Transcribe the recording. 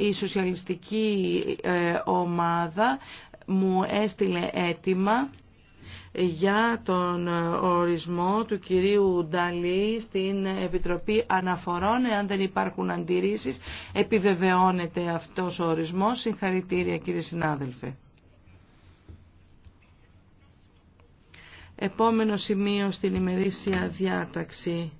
Ε, η σοσιαλιστική ε, ομάδα μου έστειλε αίτημα για τον ορισμό του κυρίου Νταλή στην Επιτροπή Αναφορών. Εάν δεν υπάρχουν αντιρρήσεις, επιβεβαιώνεται αυτός ο ορισμός. Συγχαρητήρια κύριε συνάδελφε. Επόμενο σημείο στην ημερήσια διάταξη.